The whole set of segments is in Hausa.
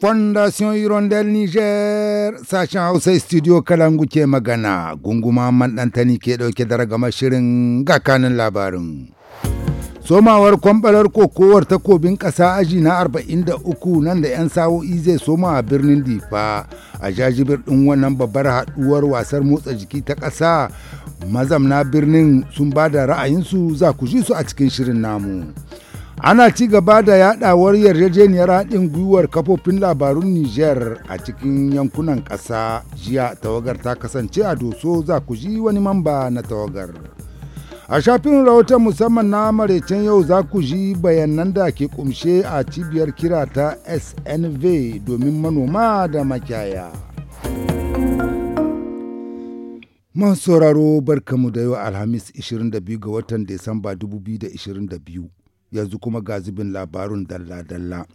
Fondation Hirondel Niger sashen Hausa studio Kalangu ke magana gunguma mandantani, ke ɗauke da ragamar shirin ga kanin labarin. Somawar kwambalar kokowar takobin kasa aji na 43 nan da 'yan sa'o'i zai soma a birnin Difa a jajibir ɗin wannan babbar haɗuwar wasar motsa jiki ta ƙasa mazamna birnin sun ba da ra'ayinsu za ku ji su a cikin shirin namu. ana ci gaba da yadawar yarjejeniyar haɗin gwiwar kafofin labarun niger a cikin yankunan ƙasa jiya tawagar ta kasance a doso za ku ji wani mamba na tawagar a shafin rahoton musamman na maraicen yau za ku ji bayanan da ke kumshe a cibiyar kira ta snv domin manoma da makiyaya masu sauraro barkamu da yau alhamis 22 ga watan disamba 2022 yanzu kuma ga zubin labarun dalla-dalla.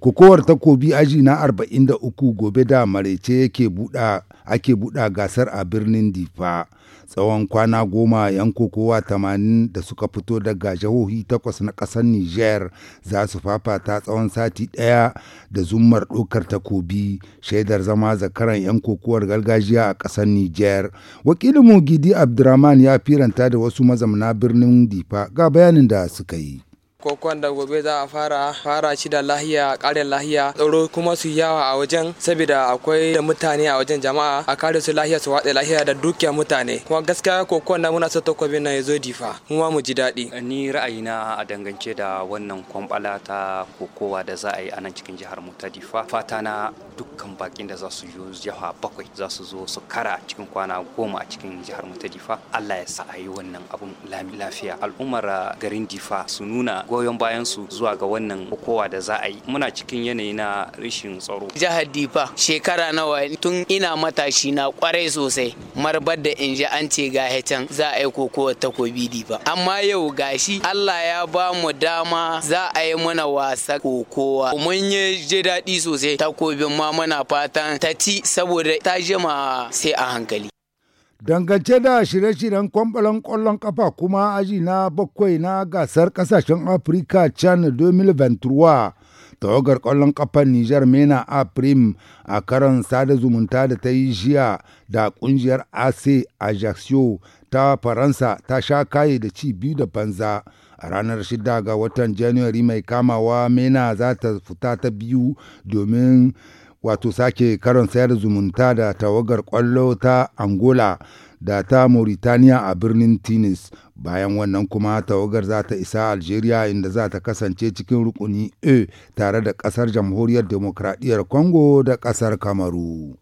Kokowar takobi aji na 43 gobe da maraice yake buɗa ake buɗa gasar a birnin Difa. Tsawon kwana goma 'yan kokowa tamanin da suka fito daga jihohi takwas na ƙasar Niger za su fafata tsawon sati ɗaya da zummar ɗaukar takobi shaidar zama zakaran 'yan kokowar gargajiya a ƙasar Niger. Wakilin Gidi Abdurrahman ya firanta da wasu mazamna birnin Difa ga bayanin da suka yi. kokon da gobe za a fara fara shi da lahiya kare lahiya tsaro kuma su yawa a wajen saboda akwai da mutane a wajen jama'a a kare su lahiya su watsa lahiya da dukiyar mutane kuma gaskiya kokon na muna so takobin na yazo zo difa kuma mu ji daɗi ni ra'ayina a dangance da wannan kwambala ta kokowa da za a yi a nan cikin jihar mu ta difa fata na dukkan bakin da za su yi jiha bakwai za su zo su kara cikin kwana goma a cikin jihar mu ta difa Allah ya sa a yi wannan abun lafiya al'ummar garin difa su nuna goyon bayan su zuwa ga wannan kowa da za a yi muna cikin yanayi na rashin tsaro jihar difa shekara nawa tun ina matashi na kwarai sosai marbar da in ji an ce ga can za a yi kokowa takobi difa amma yau gashi Allah ya ba mu dama za a yi mana wasa kokowa mun yi ji daɗi sosai takobin ma muna fatan ta ci saboda ta jima sai a hankali Dangance da shirye-shiryen kwambalon ƙwallon ƙafa kuma aji na bakwai na gasar ƙasashen Afirka Chan 2023 tawagar ƙwallon ƙafar Nijar Mena a Prim a karan sada zumunta da ta yi jiya da ƙungiyar AC Ajaccio ta Faransa ta sha kaye da ci biyu da banza. a ranar 6 ga watan January mai kamawa Mena za ta fita ta biyu domin wato sake karon sayar zumunta da tawagar kwallo ta angola da ta mauritaniya a birnin tunis bayan wannan kuma tawagar za ta isa algeria inda za ta kasance cikin rukuni a tare da kasar jamhuriyar demokradiyyar congo da kasar kamaru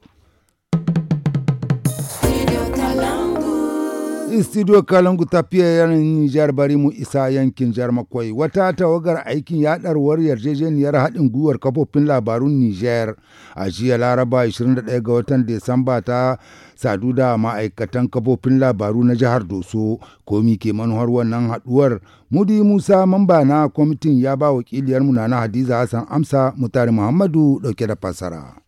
Studio Kalangu ta fiye yaran Nijar bari mu isa yankin jihar Makwai. Wata tawagar aikin yadarwar yarjejeniyar haɗin gwiwar kafofin labarun Nijar a jiya Laraba 21 ga watan Desamba ta sadu da ma'aikatan kafofin labaru na jihar Doso. Komi ke manuhar wannan haɗuwar Mudi Musa mamba na kwamitin ya ba wakiliyar mu na Hadiza Hassan Amsa Mutare Muhammadu ɗauke da fasara.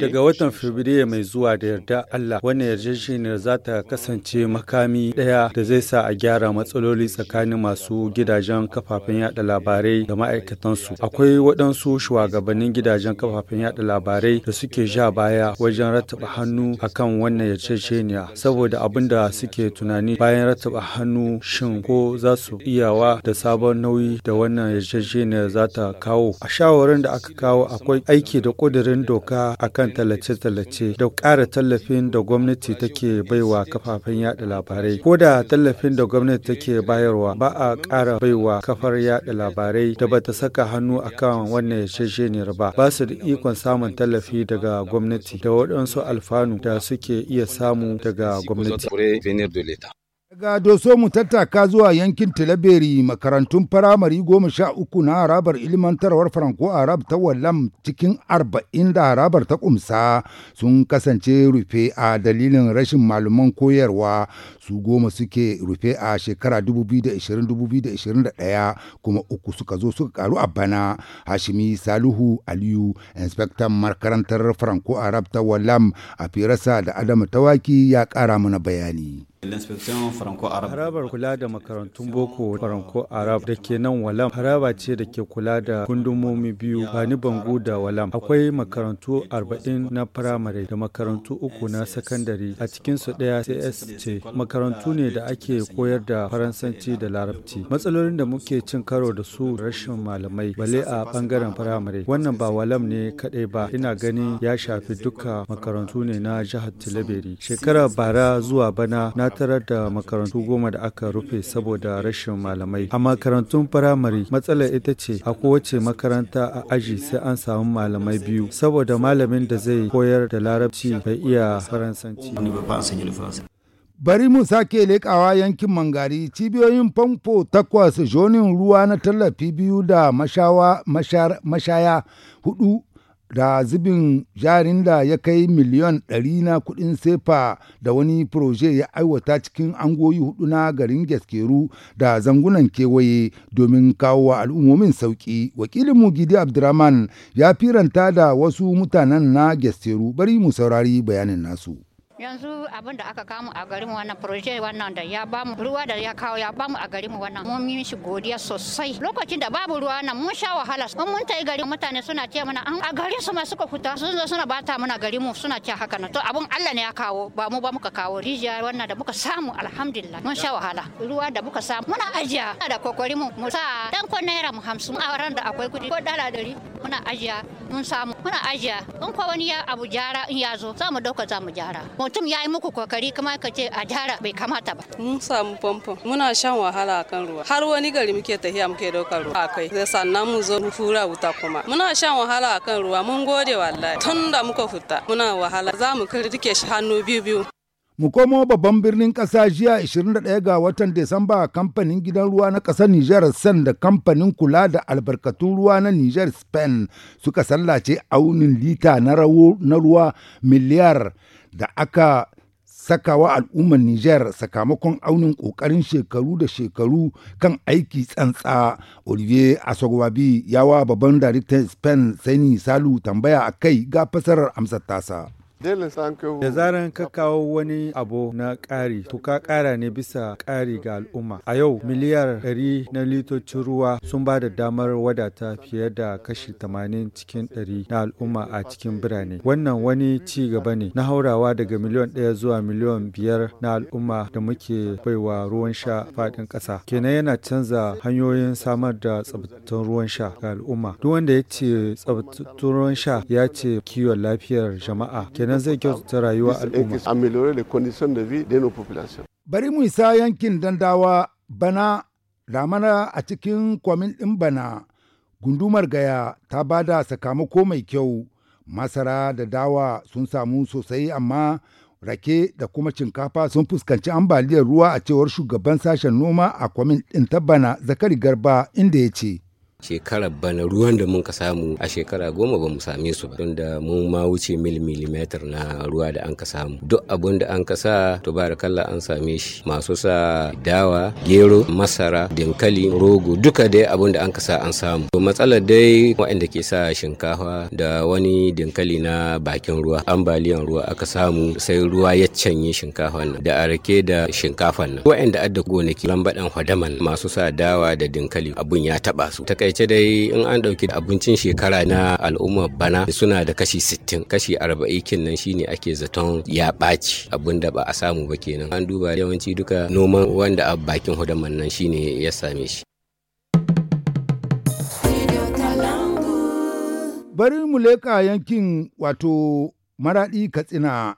Daga watan Fabrairu mai zuwa da yarda Allah wannan yarjejeniyar za ta kasance makami daya da zai sa a gyara matsaloli tsakanin masu gidajen kafafen yada labarai da ma'aikatansu. Akwai waɗansu shugabannin gidajen kafafen yada labarai da suke ja baya wajen rataba hannu akan wannan yarjejeniya saboda abin da suke tunani bayan rataba hannu shin ko za su iyawa da sabon nauyi da wannan yarjejeniyar za ta kawo. A shawarar da aka kawo akwai aiki da ƙudurin kudirin doka akan tallace-tallace da ƙara tallafin da gwamnati take baiwa kafafen yada labarai. Ko da tallafin da gwamnati take bayarwa ba a ƙara baiwa kafar yada labarai da bata saka hannu akan wannan yarjejeniyar ba. Ba su da ikon samun tallafi daga gwamnati da waɗansu alfanu da suke iya samu daga gwamnati. Daga doso mu tattaka zuwa yankin Tilaberi makarantun firamare goma sha uku na harabar ilimantarwar Franco Arab ta Wallam cikin arba'in da harabar ta kumsa sun kasance rufe a dalilin rashin malaman koyarwa su goma suke rufe a shekara 2020-2021 kuma uku suka zo suka karu a bana Hashimi saluhu Aliyu inspektan makarantar Franco Arab ta Wallam a firarsa da Adamu Tawaki ya kara mana bayani. Harabar kula da makarantun boko faranko Arab da ke nan Walam haraba ce da ke kula da gundumomi biyu Bani Bango da Walam. Akwai makarantu arba'in na firamare da makarantu uku na sakandare a cikin su ɗaya CS ce. Makarantu ne da ake koyar da Faransanci da Larabci. Matsalolin da muke cin karo da su rashin malamai bale a bangaren firamare. Wannan ba Walam ne kadai ba ina ganin ya shafi duka makarantu ne na jihar Tilabiri. Shekara bara zuwa bana na tarar da makarantu goma da aka rufe saboda rashin malamai. A makarantun firamare matsalar ita ce a kowace makaranta a aji sai an samu malamai biyu saboda malamin da zai koyar da larabci bai iya faransanci. Bari mu sake leƙawa yankin mangari cibiyoyin famfo takwas jonin ruwa na tallafi biyu da mashaya hudu da zubin jarin da ya kai miliyon ɗari na kuɗin sefa da wani proje ya aiwata cikin angoyi hudu na garin gaskeru da zangunan kewaye domin kawo wa al'ummomin sauƙi wakilin mu gidi abdurrahman ya firanta da wasu mutanen na gaskeru bari mu saurari bayanin nasu yanzu abin da aka kamu a garin wannan proje wannan da ya bamu ruwa da ya kawo ya bamu a garin wannan mun yi shi godiya sosai lokacin da babu ruwa nan mun sha wahala mun mun tai garin mutane suna ce mana an a garin su ma suka fita sun zo suna bata mana mu suna ce haka na to abun Allah ne ya kawo ba mu ba muka kawo rijiya wannan da muka samu alhamdulillah mun sha wahala ruwa da muka samu muna ajiya da kokarin mu mu sa dan ko naira mu 50 a ran da akwai kudi ko dala 100 muna ajiya mun samu muna ajiya in kwa wani ya abu jara in ya zo za mu dauka za mu jara mutum ya yi muku kokari kuma ka ce a jara bai kamata ba mun samu muna shan wahala akan ruwa har wani gari muke tafiya muke daukar ruwa akai da sannan mu zo mu fura wuta kuma muna shan wahala akan ruwa mun gode wallahi tun da muka fita muna wahala za mu kirdike shi hannu biyu biyu Mu komo babban birnin ƙasa jiya 21 ga watan Desamba kamfanin gidan ruwa na ƙasar Nijar Sen da kamfanin kula da albarkatun ruwa na Nijar Spain suka sallace aunin lita na ruwa miliyar da aka sakawa al'ummar Nijar sakamakon aunin ƙoƙarin shekaru da shekaru kan aiki tsantsa. Olivier Asogwabi yawa babban daritan Spain Sani Salu tambaya a kai ga fasarar amsar tasa. da zaran ka kawo wani abu na ƙari to ka ƙara ne bisa ƙari ga al'umma a yau miliyar 100 na litocin ruwa sun ba da damar wadata fiye da kashi 80 cikin 100 na al'umma a cikin birane wannan wani ci gaba ne na haurawa daga miliyon 1 zuwa miliyon 5 na al'umma da muke baiwa ruwan sha faɗin ƙasa kenan yana canza hanyoyin samar da tsabtattun ruwan sha ga al'umma duk wanda ya ce tsabtattun ruwan sha ya ce kiwon lafiyar jama'a kenan zai kyautata rayuwa al'umma. Bari mu isa yankin dandawa bana ramana a cikin kwamin ɗin bana gundumar gaya ta ba da sakamako mai kyau masara da dawa sun samu sosai amma rake da kuma shinkafa sun fuskanci ambaliyar ruwa a cewar shugaban sashen noma a kwamin ɗin ta bana zakari garba inda ya ce. shekarar bana ruwan da mun ka samu a shekara goma ba mu same su ba tunda da mun ma wuce mil na ruwa da an ka samu duk abun da an ka sa to barakallah an same shi masu sa dawa gero masara dinkali rogo duka dai abun da an ka sa an samu to matsalar dai waɗanda ke sa shinkafa da wani dinkali na bakin ruwa ambaliyan ruwa aka samu sai ruwa ya canye shinkafan nan da arake da shinkafan nan waɗanda adda gonaki lambaɗan hwadaman masu sa dawa da dinkali abun ya taɓa su ta kai takaice dai in an ɗauki abincin shekara na al'ummar bana suna da kashi 60 kashi 40 kinnan shine ake zaton ya ɓaci abin da ba a samu ba kenan an duba yawanci duka noman wanda a bakin hudaman nan shine ya same shi bari mu leka yankin wato maraɗi katsina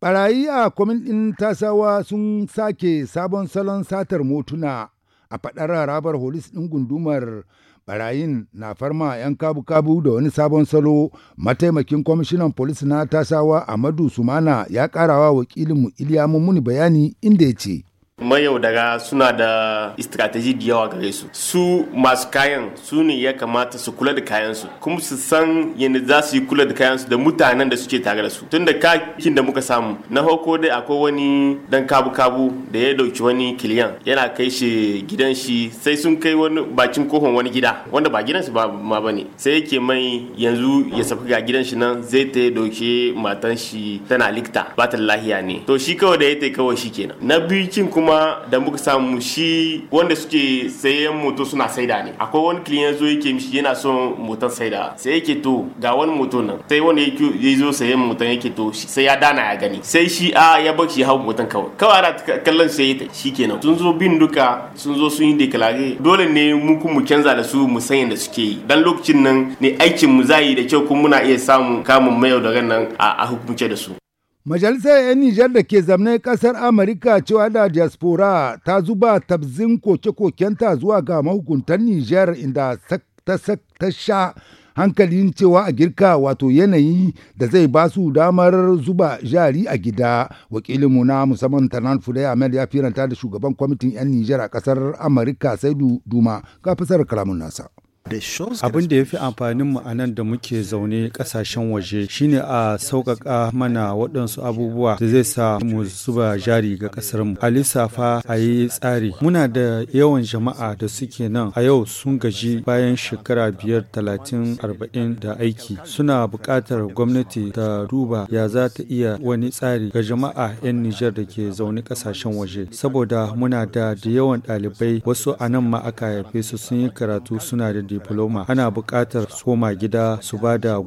barayi a kwamin ɗin tasawa sun sake sabon salon satar motuna a faɗar rabar holis ɗin gundumar barayin na farma 'yan kabu-kabu da wani sabon salo mataimakin kwamishinan polis na tasawa amadu sumana ya karawa wakilinmu iliya mummuni bayani inda ya ce mayaudara suna da strategy da yawa gare su su masu kayan su ne ya kamata su kula da kayansu kuma su san yadda za su yi kula da kayansu da mutanen da suke tare da su tunda kakin da muka samu na hoko dai akwai wani dan kabu kabu da ya dauki wani kiliyan yana kai shi gidan shi sai sun kai wani bakin kohon wani gida wanda ba gidan su ba ma bane sai yake mai yanzu ya ga gidan shi nan zai ta dauke matan shi tana likta ba ta lahiya ne to shi kawai da ya ta kawai shi kenan na biyu kin kuma kuma da muka samu shi wanda suke sayan moto suna saida ne akwai wani kiliyan zo yake mishi yana son motar saida sai yake to ga wani moto nan sai wanda ya zo sayan motar yake to sai ya dana ya gani sai shi a ya bar shi hau motar kawai kawai ana kallon sai ya shi kenan sun zo bin duka sun zo sun yi deklare dole ne mu kuma mu canza da su mu sanya da suke yi dan lokacin nan ne aikin mu zai da kyau kuma muna iya samun kamun mayau da ran nan a hukumce da su Majalisar 'yan Nijar da ke zamne kasar Amurka cewa da diaspora ta zuba tabzin koke-kokenta zuwa ga mahukuntan Nijar inda ta sha hankalin cewa a girka wato yanayi da zai ba su damar zuba jari a gida wakilinmu na musamman tanan fulai ahmed ya firanta da shugaban kwamitin 'yan nijar a kasar amurka sai duma ga fasar nasa Abin da ya fi amfaninmu a nan da muke zaune kasashen waje shine a sauƙaƙa mana waɗansu abubuwa da zai sa mu zuba jari ga ƙasarmu. A lissafa a yi tsari. Muna da yawan jama'a da suke nan a yau sun gaji bayan shekara biyar talatin arba'in da aiki. Suna buƙatar gwamnati ta duba ya za ta iya wani tsari ga jama'a 'yan Nijar da ke zaune ƙasashen waje. Saboda muna da da yawan ɗalibai wasu a nan ma aka haife su sun yi karatu suna da diploma ana buƙatar soma gida su ba da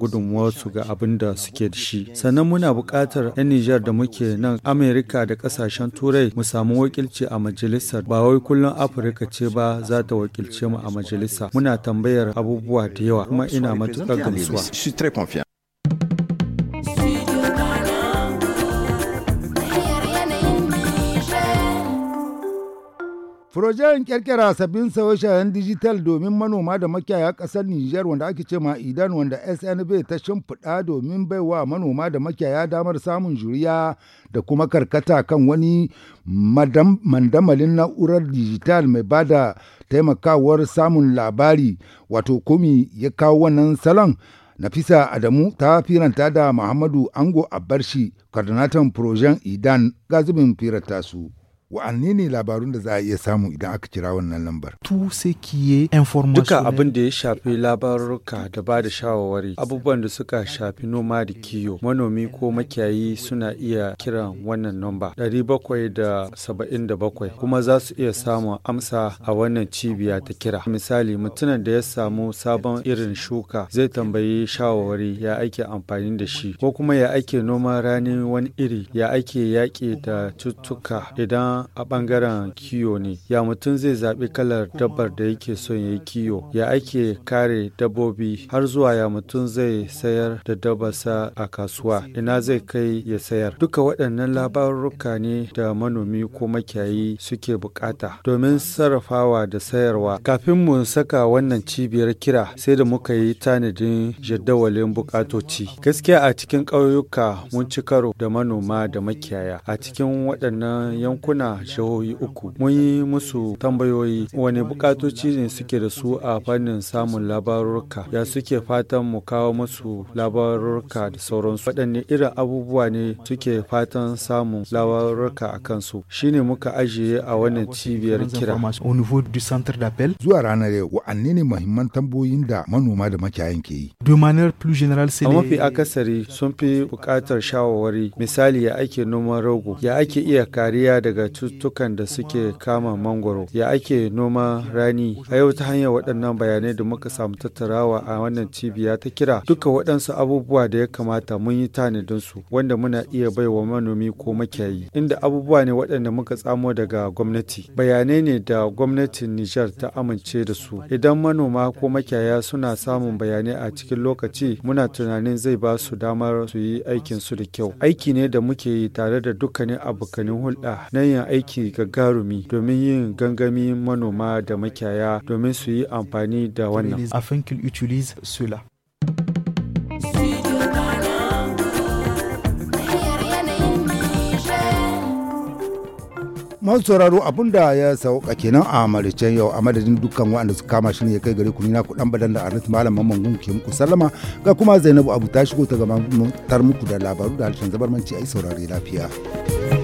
su ga abin da suke da shi sannan muna buƙatar 'yan nijar da muke nan amerika da ƙasashen turai mu samu wakilci a majalisar ba wai kullum afirka ce ba za ta wakilce mu a majalisa muna tambayar abubuwa da yawa kuma ina matuƙar gamsuwa Furojen kirkira sabbin sauye dijital domin manoma da makiyaya ƙasar Nijar wanda ake ce ma idan wanda SNB ta shimfiɗa domin baiwa manoma da makiyaya damar samun juriya da kuma karkata kan wani mandamalin na'urar dijital mai ba da taimakawar samun labari wato kumi ya kawo wannan salon. Nafisa Adamu ta firanta da Muhammadu Ango Abarshi, kardinatan Projen Idan, gazubin firanta su. wa'anne ne labarun da za a iya samu idan aka kira wannan lambar duka abin da ya shafi labaruka da ba da shawarwari abubuwan da suka shafi noma da kiyo manomi ko makiyayi suna iya kiran wannan da saba'in namba bakwai. kuma za su iya samun amsa a wannan cibiya ta kira misali mutumin da ya samu sabon irin shuka zai tambayi shawarwari ya ake amfani da shi ko kuma ya ake noman rani wani iri ya ake yaƙi da cututtuka idan a ɓangaren kiyo ne ya mutum zai zaɓi kalar dabbar da yake son ya yi kiyo ya ake kare dabbobi har zuwa ya mutum zai sayar da dabbarsa a kasuwa ina zai kai ya sayar duka waɗannan labaruka ne da manomi ko makiyayi suke bukata domin sarrafawa da sayarwa kafin mu saka wannan cibiyar kira sai da muka yi tanadin jadawalin bukatoci gaskiya a cikin ƙauyuka mun ci karo da manoma da makiyaya a cikin waɗannan yankuna a jihohi uku mun yi musu tambayoyi wani bukatoci ne suke da su a fannin samun labarurka ya suke fatan mu kawo musu labarurka da sauransu waɗanne irin abubuwa ne suke fatan samun labarurka a kansu shine muka ajiye a wannan cibiyar kira zuwa ranar yau wa'anne ne mahimman tambayoyin da manoma da makiyayan ke yi a mafi akasari sun fi bukatar shawarwari misali ya ake noman rogo ya ake iya kariya daga cututtukan da suke kama mangoro ya ake noma rani a yau ta hanyar waɗannan bayanai da muka samu tattarawa a wannan cibiya ta kira duka waɗansu abubuwa da ya kamata mun yi tanadin su wanda muna iya baiwa manomi ko makiyayi inda abubuwa ne waɗanda muka tsamo daga gwamnati bayanai ne da gwamnatin Nijar ta amince da su idan manoma ko makiyaya suna samun bayanai a cikin lokaci muna tunanin zai ba su damar su yi aikin su da kyau aiki ne da muke yi tare da dukkanin abokanin hulɗa na yin aiki gagarumi domin yin gangami manoma da makiyaya domin su yi amfani da wannan. masu sauraro abun da ya sauka kenan a maricen yau a madadin dukkan waɗanda su kama shi ne ya kai gari ku na kuɗan badan da arnit malam mamman gun ke muku sallama ga kuma zainabu abu ta shigo ta tar muku da labaru da harshen zabarmanci a yi saurare lafiya.